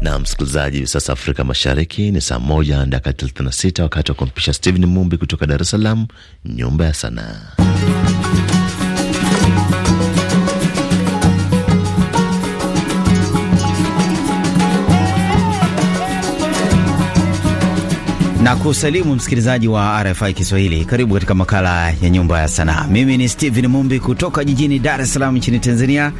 Na msikilizaji, sasa Afrika Mashariki ni saa moja dakika 36, wakati wa kumpisha Steven Mumbi kutoka Dar es Salaam, nyumba ya sanaa. na kusalimu msikilizaji wa RFI Kiswahili. Karibu katika makala ya nyumba ya sanaa. Mimi ni Steven Mumbi kutoka jijini Dar es Salaam nchini Tanzania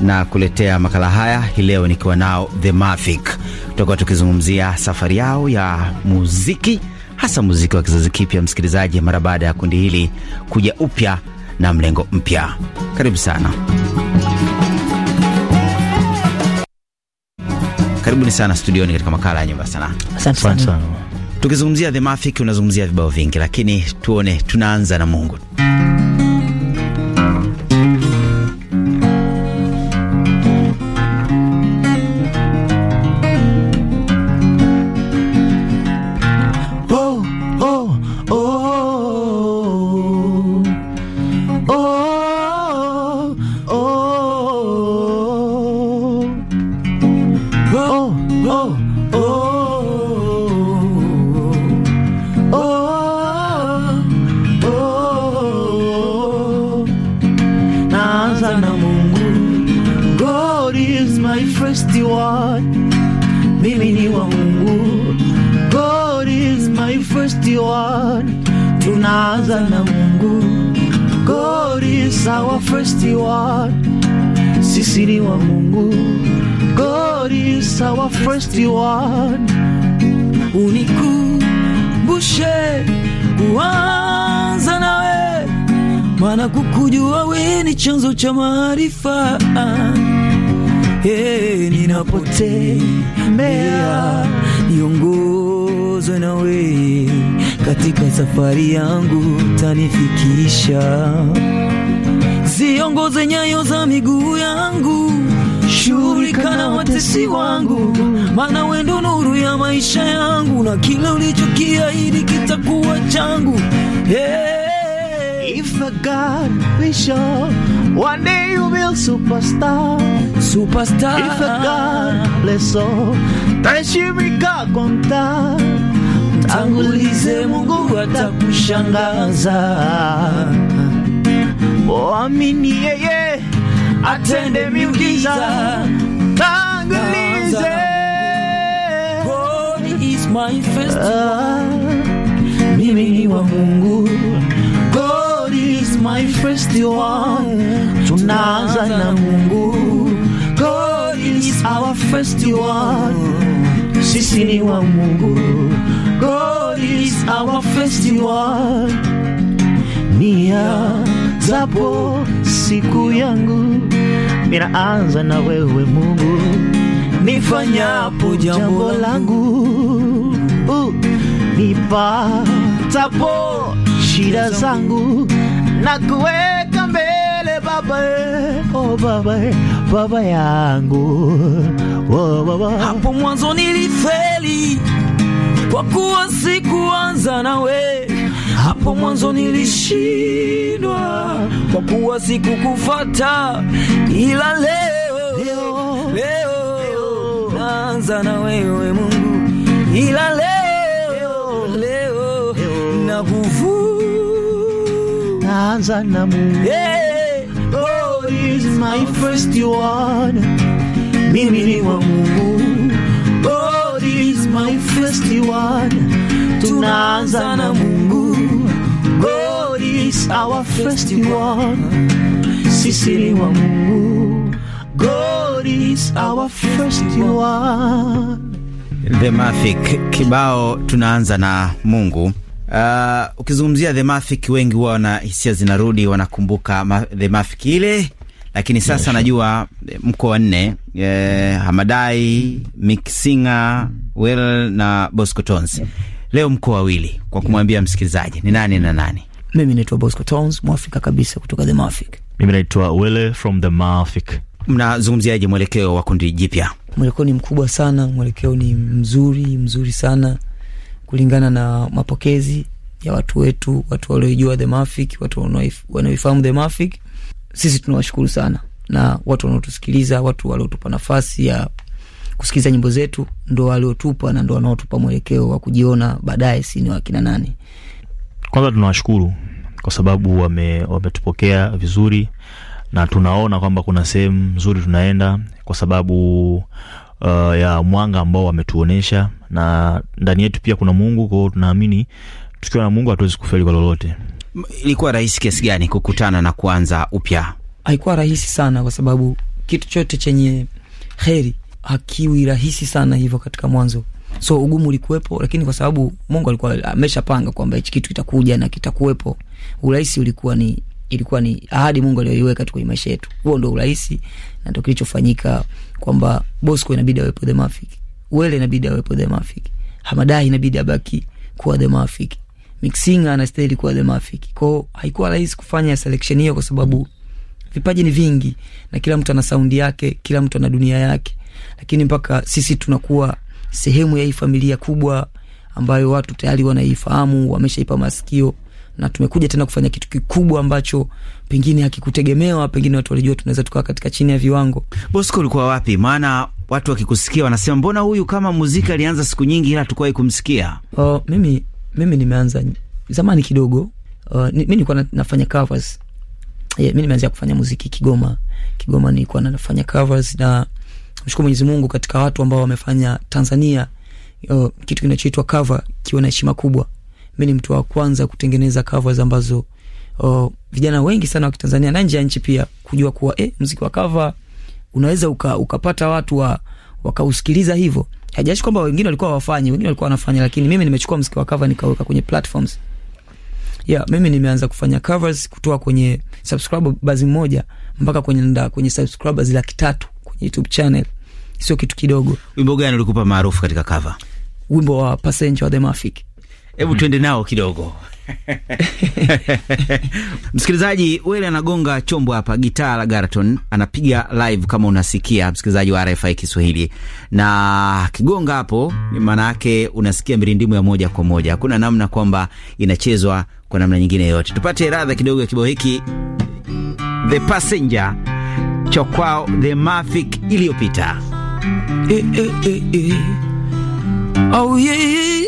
na kuletea makala haya hii leo nikiwa nao The Mafic. Tutakuwa tukizungumzia safari yao ya muziki, hasa muziki wa kizazi kipya, msikilizaji, mara baada ya kundi hili kuja upya na mlengo mpya. Karibu sana. Karibuni sana studioni katika makala ya nyumba sanaa. Asante sana. Tukizungumzia The unazungumzia vibao vingi, lakini tuone, tunaanza na Mungu award tunaanza na Mungu God is our first award sisi ni wa Mungu God is our first award unikumbushe kuanza nawe mana kukujua we ni chanzo cha maarifa hey, ninapotea mea niongoe nikiongozwa na wewe katika safari yangu tanifikisha. Ziongoze nyayo za miguu yangu, shughulika na watesi wangu, maana wewe ndo nuru ya maisha yangu, na kila ulichokiahidi kitakuwa changu. Hey. If a God vision, one day you will superstar. Superstar. If a God bless all, tashimika kontar Tangulize, Mungu atakushangaza. Mwamini yeye atende miujiza. Tangulize. God is my festival. Ah, mimi ni wa Mungu. God is my festival. Tunaanza na Mungu. God is our festival. Sisi ni wa Mungu. God is our festival. Nia zapo siku yangu minaanza na wewe Mungu, nifanyapo jambo langu uh, nipatapo shida zangu na kuweka mbele Baba, oh Baba, Baba yangu oh Baba. Hapo mwanzo nilifeli kwa kuwa sikuanza nawe hapo mwanzo nilishindwa kwa kuwa sikukufata, ila leo, leo, leo, leo naanza na wewe Mungu, ila leo, leo, leo na nakuvuta, naanza na Mungu. Hey, oh, is my first one, mimi ni wa Mungu festival tunaanza na Mungu. God is our festival, sisi ni wa Mungu. God is our festival. The Mafic kibao tunaanza na Mungu. Uh, ukizungumzia The Mafic wengi huwa wana hisia zinarudi, wanakumbuka ma, The Mafic ile lakini sasa yeah, najua eh, mko wanne eh, Hamadai, Mixinga, Well na Bosco Tons. Leo mko wawili kwa kumwambia msikilizaji ni nani na nani. Mimi naitwa Bosco Tons, Mwafrika kabisa kutoka The Mafik. Mimi naitwa Wele from The Mafik. Mnazungumziaje mwelekeo wa kundi jipya? Mwelekeo ni mkubwa sana, mwelekeo ni mzuri mzuri sana kulingana na mapokezi ya watu wetu, watu walioijua The Mafik, watu wanaoifahamu The Mafik sisi tunawashukuru sana, na watu wanaotusikiliza, watu waliotupa nafasi ya kusikiliza nyimbo zetu ndo waliotupa na ndo wanaotupa mwelekeo wa kujiona baadaye si ni wakina nani. Kwanza tunawashukuru kwa sababu wame, wametupokea vizuri na tunaona kwamba kuna sehemu nzuri tunaenda kwa sababu uh, ya mwanga ambao wametuonyesha na ndani yetu pia kuna Mungu kwao, tunaamini tukiwa na Mungu hatuwezi kufeli kwa lolote. Ilikuwa rahisi kiasi gani kukutana na kuanza upya? Haikuwa rahisi sana, kwa sababu kitu chote chenye heri hakiwi rahisi sana hivyo katika mwanzo, so ugumu ulikuwepo, lakini kwa sababu Mungu alikuwa ameshapanga kwamba hichi kitu kitakuja na kitakuwepo, urahisi ulikuwa ni ilikuwa ni ahadi Mungu aliyoiweka tu kwenye maisha yetu. Huo ndo urahisi na ndo kilichofanyika kwamba Bosco inabidi awepo the Mafiki, Wele inabidi awepo the Mafiki, Hamadai inabidi abaki kuwa the Mafiki, Mixinga anastahili kuwa the mafic Kwao haikuwa rahisi kufanya selection hiyo kwa sababu vipaji ni vingi na kila mtu ana saundi yake, kila mtu ana dunia yake, lakini mpaka sisi tunakuwa sehemu ya hii familia kubwa ambayo watu tayari wanaifahamu, wameshaipa masikio na tumekuja tena kufanya kitu kikubwa ambacho pengine hakikutegemewa. Pengine watu walijua tunaweza tukawa katika chini ya viwango. Bosco, ulikuwa wapi? Maana watu wakikusikia wanasema mbona huyu kama muziki alianza siku nyingi, ila tukuwahi kumsikia. Oh, mimi mimi nimeanza zamani kidogo uh, mi nilikuwa nafanya covers yeah, mi nimeanzia kufanya muziki Kigoma. Kigoma nilikuwa nafanya covers na mshukuru Mwenyezi Mungu katika watu ambao wamefanya Tanzania uh, kitu kinachoitwa cover kiwa na heshima kubwa. Mi ni mtu wa kwanza kutengeneza covers ambazo uh, vijana wengi sana wa Kitanzania na nje ya nchi pia kujua kuwa eh, mziki wa cover unaweza uka, ukapata watu wa wakausikiliza hivyo hajaishi kwamba wengine walikuwa wafanyi, wengine walikuwa wanafanya, lakini mimi nimechukua mziki wa cover nikaweka kwenye platforms. Yeah, mimi nimeanza kufanya covers kutoa kwenye subscriber moja mpaka kwenye nda, kwenye subscribers laki tatu kwenye YouTube channel, sio kitu kidogo. Wimbo gani ulikupa maarufu katika cover? Wimbo wa Passenger wa The Mafik. Hebu twende nao kidogo. Msikilizaji, Wele anagonga chombo hapa, gitaa la Garaton anapiga live, kama unasikia msikilizaji wa RFI Kiswahili, na kigonga hapo, maana yake unasikia mirindimu ya moja kwa moja, hakuna namna kwamba inachezwa kwa namna nyingine yoyote. Tupate radha kidogo ya kibao hiki, The Passenger cha kwao The Mafic iliyopita. Eh, eh, eh, eh. Oh, yeah.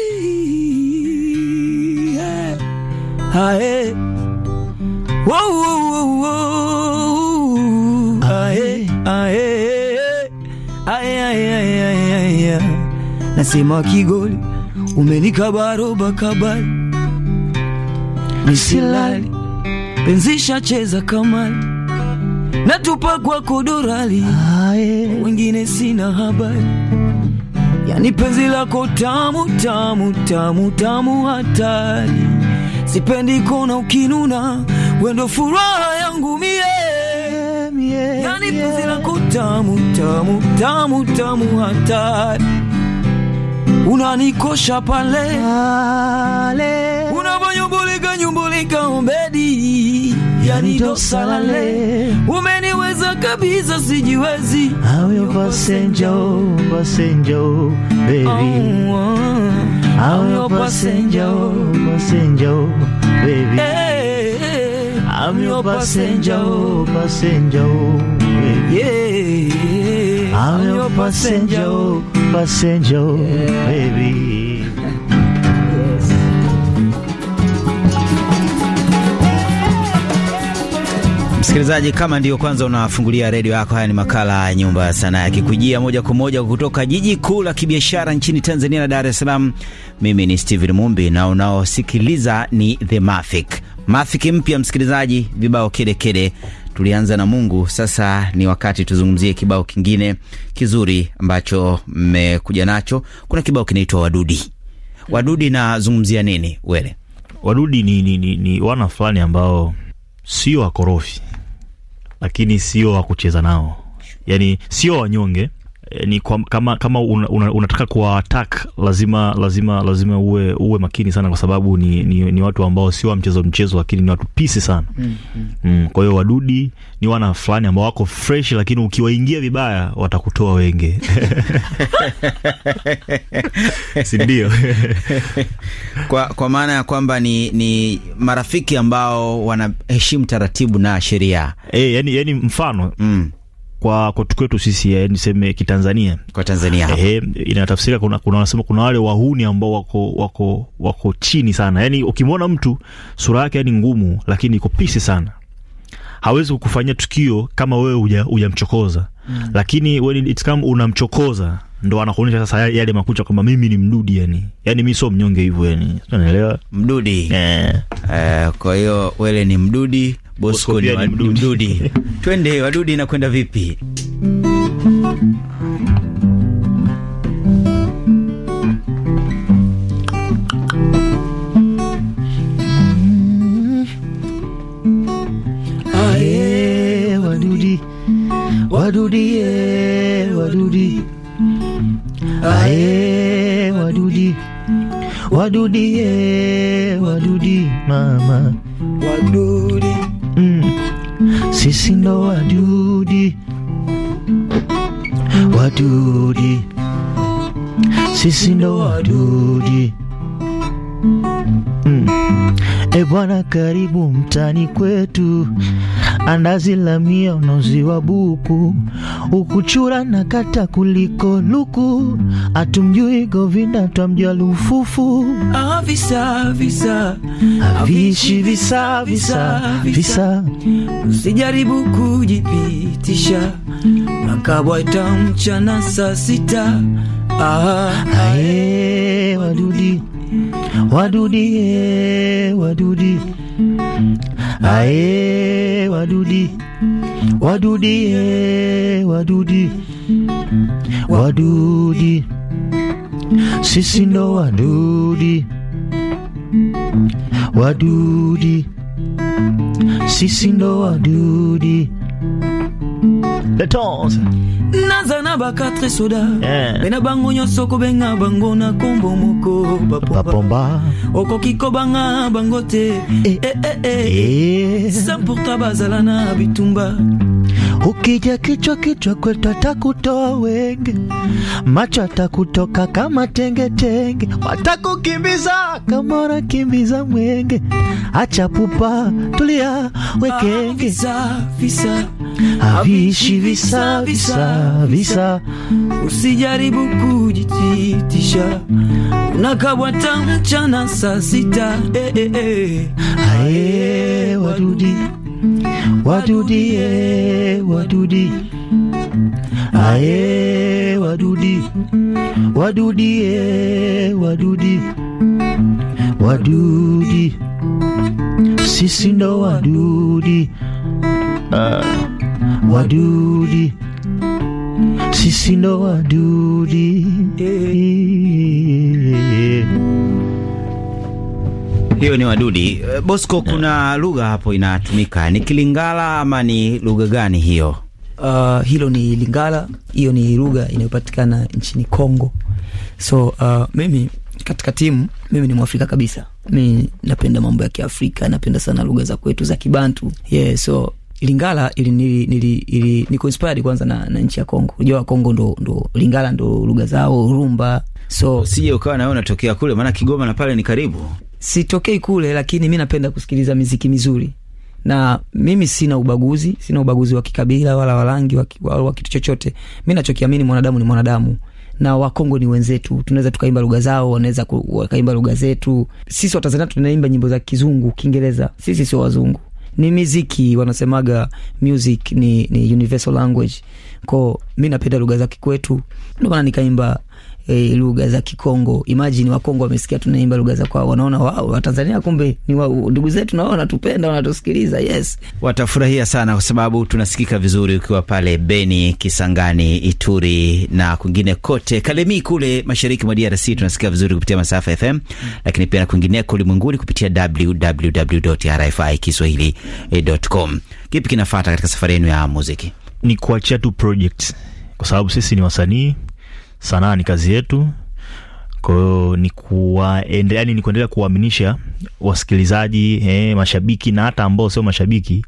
nasema Kigoli umenikabaroba kabali nisilali penzisha cheza kamali natupa kwako dorali wengine sina habari yani penzi lako tamu tamu tamu tamu hatari sipendi kona ukinuna, wendo furaha yangu mie yani penzi lako tamu tamu tamu tamu hatari, unanikosha pale pale, unavonyumbulika nyumbulika umbedi yani dosalale umeniweza kabisa sijiwezi aweopasenjao pasenjao bebi aweopasenjao pasenjao baby. Msikilizaji, kama ndiyo kwanza unafungulia redio yako, haya ni makala ya Nyumba ya Sanaa yakikujia moja kwa moja kutoka jiji kuu la kibiashara nchini Tanzania na Dar es Salaam. Mimi ni Steven Mumbi na unaosikiliza ni The Mafic. Mafic mpya, msikilizaji, vibao kede. Tulianza na Mungu, sasa ni wakati tuzungumzie kibao kingine kizuri ambacho mmekuja nacho. Kuna kibao kinaitwa Wadudi. Wadudi nazungumzia nini? Wele, Wadudi ni, ni, ni, ni wana fulani ambao sio wakorofi lakini sio wa kucheza nao, yani sio wanyonge, Eh, ni kwa, kama, kama una, una, unataka kuwa attack lazima lazima lazima uwe uwe makini sana, kwa sababu ni, ni, ni watu ambao sio wa mchezo mchezo, lakini ni watu pisi sana mm, hmm Mm, kwa hiyo wadudi ni wana fulani ambao wako fresh, lakini ukiwaingia vibaya watakutoa wenge si ndio? kwa, kwa maana ya kwamba ni, ni marafiki ambao wanaheshimu taratibu na sheria e, yani, yani mfano mm kwa kwetu kwetu sisi ya, eh, niseme kitanzania kwa Tanzania ehe, inatafsirika kuna kuna wanasema kuna wale wahuni ambao wako wako wako chini sana, yani ukimwona mtu sura yake yani ngumu, lakini iko pisi sana, hawezi kukufanyia tukio kama wewe hujamchokoza Mm. Lakini when it come unamchokoza ndo anakuonyesha sasa yale, makucha kwamba mimi ni mdudi yani, yani mi sio mnyonge hivyo yani, unaelewa mdudi eh. Uh, kwa hiyo wewe ni mdudi, Bosco ni mdudi, twende wadudi, inakwenda vipi? Wadudi, wadudi, ae wadudi, wadudi, wadudi, mama wadudi, mm. Sisi ndo wadudi, wadudi, sisi ndo wadudi mm. E bwana, karibu mtani kwetu andazi la mia unoziwa buku ukuchura na kata kuliko luku atumjui Govinda twamjua lufufu avisa ah, visa avishi visa visa visa usijaribu kujipitisha makabwa mchana saa sita ah, ae wadudi wadudi e wadudi ae wadudi wadudi e wadudi wadudi sisi ndo wadudi wadudi sisi ndo wadudi the tones naza na bakatre soda mpe eh. na bango nyonso kobenga bango na nkombo moko bapomba okoki kobanga bango te sa eh. eh, pourta bazala na bitumba ukija kichwa kichwa kwetu atakutoa wenge, macho atakutoka kama tengetenge, watakukimbiza kama unakimbiza mwenge. Acha pupa, tulia wekenge, ah, visa, visa. Havishi ah, visa visa visa, usijaribu kujititisha, unakabwata mchana saa sita. Eh, eh, e Ae, wadudi wadudi eh, wadudi aye, wadudi wadudi eh, wadudi wadudi, sisi ndo wadudi ah wadudi sisi ndo wadudi hiyo ni wadudi eh, Bosco kuna lugha hapo inatumika ni Kilingala ama ni lugha gani hiyo Uh, hilo ni Lingala, hiyo ni lugha inayopatikana nchini Kongo. So uh, mimi katika timu mimi ni Mwafrika kabisa. Mi napenda mambo ya Kiafrika, napenda sana lugha za kwetu za Kibantu. Yeah, so Lingala ili nili nili ili niko inspired kwanza na, na nchi ya Kongo. Unajua wa Kongo ndo ndo Lingala ndo lugha zao, rumba. So sije ukawa na wewe unatokea kule, maana Kigoma na pale ni karibu. Sitokei kule, lakini mimi napenda kusikiliza miziki mizuri na mimi sina ubaguzi, sina ubaguzi wa kikabila wala warangi wa kitu chochote. Mi nachokiamini mwanadamu ni mwanadamu, na Wakongo ni wenzetu, tunaweza tukaimba lugha zao, wanaweza wakaimba lugha zetu. Sisi Watanzania tunaimba nyimbo za Kizungu, Kiingereza, sisi sio wazungu ni miziki, wanasemaga music ni, ni universal language. ko mi napenda lugha za kikwetu, ndio nikaimba e, lugha za Kikongo. Imagine Wakongo wamesikia tunaimba lugha za kwao, wanaona wao Watanzania kumbe ni wa ndugu zetu, nao wanatupenda, wanatusikiliza. Yes, watafurahia sana kwa sababu tunasikika vizuri ukiwa pale Beni, Kisangani, Ituri na kwingine kote, Kalemi kule mashariki mwa DRC tunasikika vizuri kupitia masafa FM, lakini pia na kwingineko ulimwenguni kupitia www.rfikiswahili.com. Kipi kinafata katika safari yenu ya muziki? Ni kuachia tu project, kwa sababu sisi ni wasanii sanaa ni kazi yetu. Kwa hiyo ni kuwaendelea, yani ni kuendelea kuwaaminisha wasikilizaji eh, mashabiki na hata ambao sio mashabiki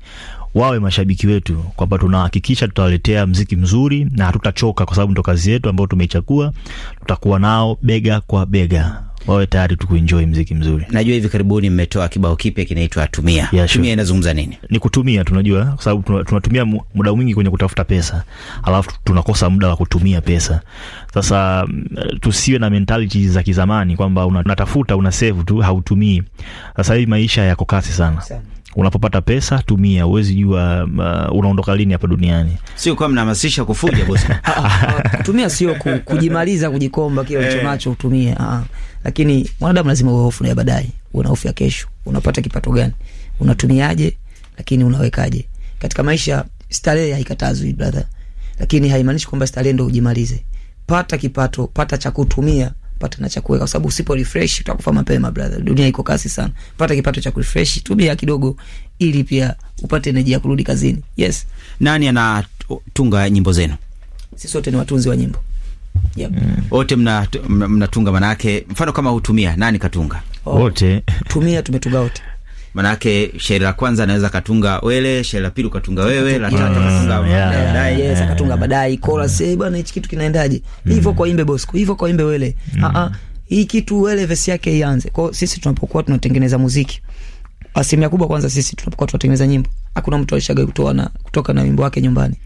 wawe mashabiki wetu, kwamba tunahakikisha tutawaletea mziki mzuri na hatutachoka, kwa sababu ndo kazi yetu ambayo tumeichagua. Tutakuwa nao bega kwa bega wawe tayari tu kuenjoy mziki mzuri. Najua hivi karibuni mmetoa kibao kipya kinaitwa Tumia. Yeah, sure. Tumia inazungumza nini? Ni kutumia, tunajua kwa sababu tunatumia muda mwingi kwenye kutafuta pesa, alafu tunakosa muda wa kutumia pesa. Sasa mm, tusiwe na mentality za kizamani kwamba unatafuta una save tu hautumii. Sasa hivi maisha yako kasi sana, sana unapopata pesa tumia, uwezi jua uh, unaondoka lini hapa duniani. Sio kwa mnahamasisha kufuja bosi. Ah, ah, ah. Tumia sio kujimaliza, kujikomba kile eh. ulichonacho utumie, lakini mwanadamu lazima uwe hofu ya baadaye, una hofu ya kesho, unapata kipato gani, unatumiaje, lakini unawekaje katika maisha. Starehe haikatazwi brother, lakini haimaanishi kwamba starehe ndio ujimalize. Pata kipato, pata cha kutumia pata na chakula, kwa sababu usipo refresh utakufa mapema brother. Dunia iko kasi sana, pata kipato cha kurefresh, tumia kidogo ili pia upate energy ya kurudi kazini. Yes. Nani anatunga nyimbo zenu? Sisi wote ni watunzi wa nyimbo yep. Mm. mnatunga mna, mna manake mfano kama hutumia nani katunga? Oh. Wote Tumia tumetunga wote Manake shairi la kwanza anaweza katunga wele, shairi la pili ukatunga wewe, la tatu katunga baadaye, yes akatunga baadaye mm. eh, bwana, hichi kitu kinaendaje hivyo, mm. kwa imbe Bosco hivyo, kwa imbe wele, mm. ah, ah, hii kitu wele yake ianze. Kwa sisi tunapokuwa tunatengeneza muziki, asilimia kubwa kwanza, sisi tunapokuwa tunatengeneza nyimbo, hakuna mtu alishaga kutoa na kutoka na wimbo wake nyumbani.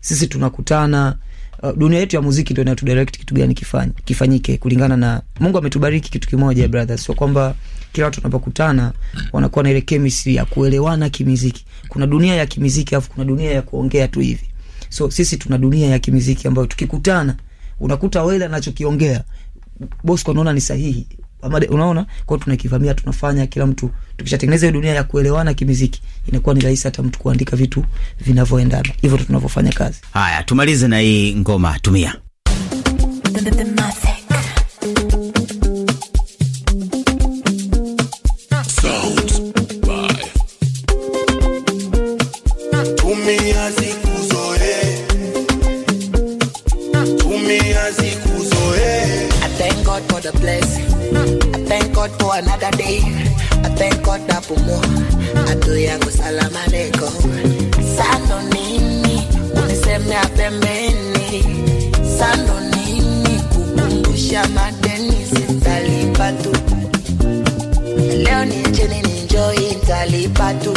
Sisi tunakutana Uh, dunia yetu ya muziki ndio inatudirect kitu gani kifanye kifanyike kulingana na Mungu ametubariki kitu kimoja brother, sio kwamba kila watu wanapokutana wanakuwa na ile chemistry ya kuelewana kimuziki. Kuna dunia ya kimuziki afu kuna dunia ya kuongea tu hivi. So sisi tuna dunia ya kimuziki ambayo tukikutana unakuta wewe anachokiongea Bosco anaona ni sahihi, unaona kwao, tunakivamia tunafanya kila mtu. Tukishatengeneza hiyo dunia ya kuelewana kimiziki, inakuwa ni rahisi hata mtu kuandika vitu vinavyoendana. Hivyo tu tunavyofanya kazi. Haya, tumalize na hii ngoma, tumia God for another day. I thank God napumua, adui yangu salama leko. Sando nini unisemea pembeni, sando nini kukumbusha madeni, sitalipa tu leo, nije ninjoi, nitalipa tu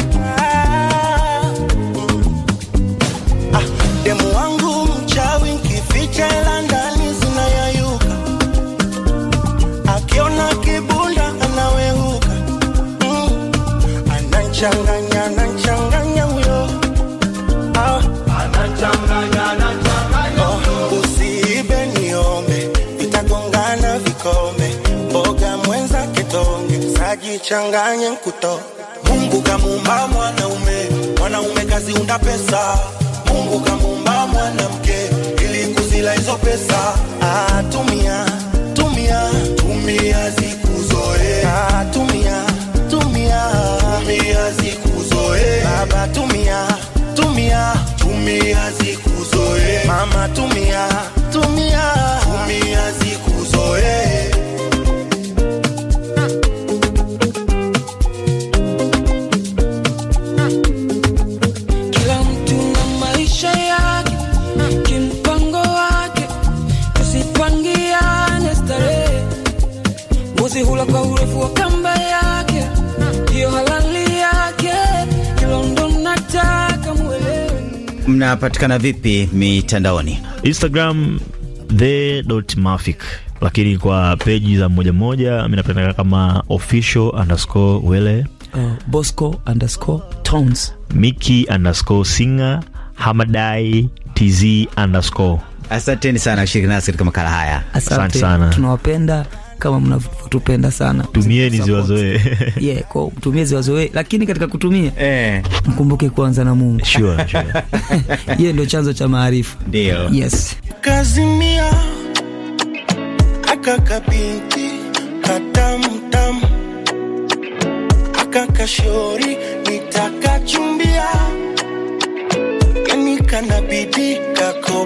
changanye nkuto. Mungu kamumba mwanaume, mwanaume kazi unda pesa. Mungu kamumba mwanamke ili kuzila hizo pesa, atumia ah, Unapatikana vipi mitandaoni? Instagram the dot mafic, lakini kwa peji za mmoja mmoja mimi kama official underscore wele uh, bosco underscore tones miki underscore singer hamadai tz underscore. Asanteni sana kushiriki nasi katika makala haya, asante sana, tunawapenda kama mnavyotupenda sana. Tumieni ziwazoee. Yeah, kwa mtumie ziwazoe, lakini katika kutumia eh, mkumbuke kwanza na Mungu. Sure, sure. Yeye ndio chanzo cha maarifa. Ndio. Yes. Kazimia akakabinti katamtam akakashori nitakachumbia yani kanabidi kako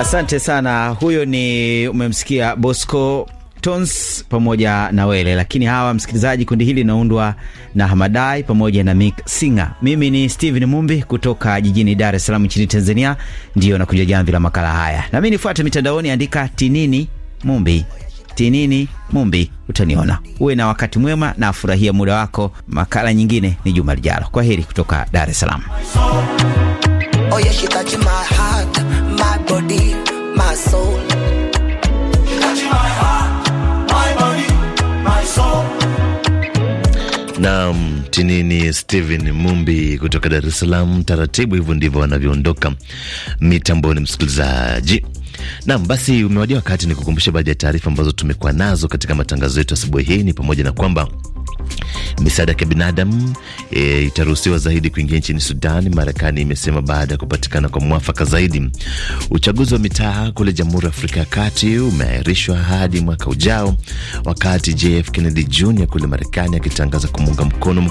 Asante sana. Huyo ni umemsikia Bosco Tons pamoja na Wele. Lakini hawa msikilizaji, kundi hili linaundwa na Hamadai pamoja na Mick Singer. Mimi ni Steven Mumbi kutoka jijini Dar es Salaam nchini Tanzania, ndiyo nakuja jamvi la makala haya. Na nifuate mitandaoni, andika tinini Mumbi, tinini Mumbi, utaniona. Uwe na wakati mwema na afurahia muda wako. Makala nyingine ni juma lijalo. Kwa heri kutoka Dar es Salaam. Oh, yeah, body, my soul. Naam, tinini Steven Mumbi kutoka Dar es Salaam. Taratibu hivyo ndivyo wanavyoondoka mitamboni, msikilizaji. Naam, basi umewadia wakati ni kukumbusha baadhi ya taarifa ambazo tumekuwa nazo katika matangazo yetu asubuhi hii, ni pamoja na kwamba Misaada ya kibinadamu e, itaruhusiwa zaidi kuingia nchini Sudan, Marekani imesema baada ya kupatikana kwa mwafaka zaidi. Uchaguzi wa mitaa kule Jamhuri ya Afrika ya Kati umeahirishwa hadi mwaka ujao, wakati JF Kennedy Jr kule Marekani akitangaza kumuunga mkono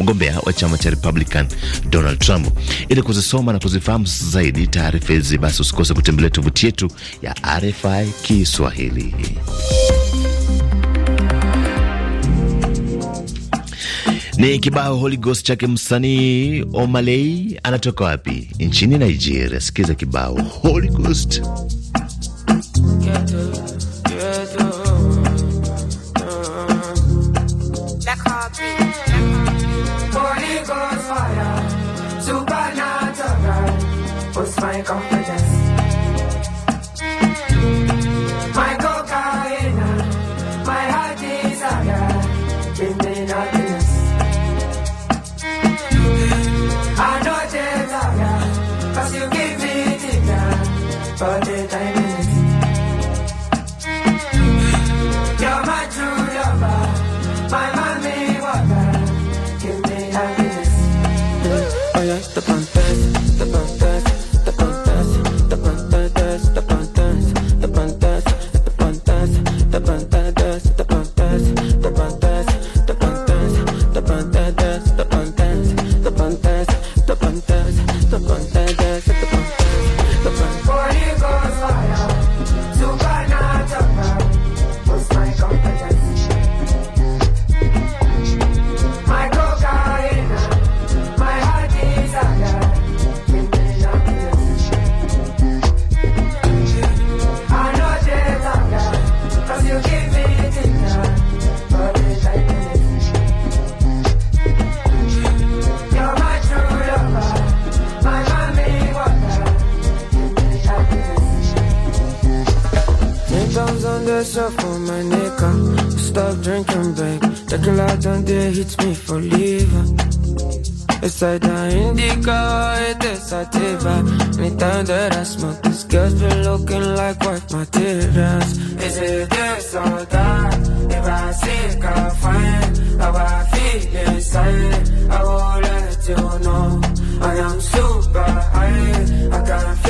mgombea wa chama cha Republican Donald Trump. Ili kuzisoma na kuzifahamu zaidi taarifa hizi, basi usikose kutembelea tovuti yetu ya RFI Kiswahili. Ni kibao Holy Ghost chake msanii Omalei, anatoka wapi? Nchini Nigeria. Sikiza kibao Holy Ghost. That girl I don't dare me for leaving. It's like the indica, it is sativa. Anytime that I smoke, this girl's been looking like white my Is it this or that? If I seek a friend, how I feel inside, I will not let you know. I am super high, I can't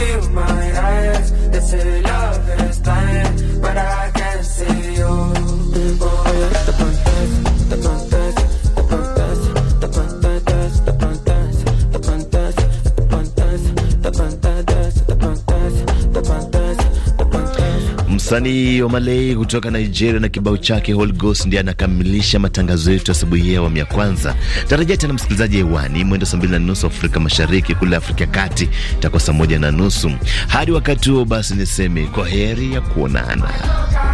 Msanii Omaley kutoka Nigeria na kibao chake Holy Ghost ndiye anakamilisha matangazo yetu asubuhi ya awamu ya kwanza. Tarajia tena msikilizaji hewani mwendo saa mbili na nusu Afrika Mashariki, kule Afrika ya Kati itakuwa saa moja na nusu. Hadi wakati huo basi, niseme kwa heri ya kuonana.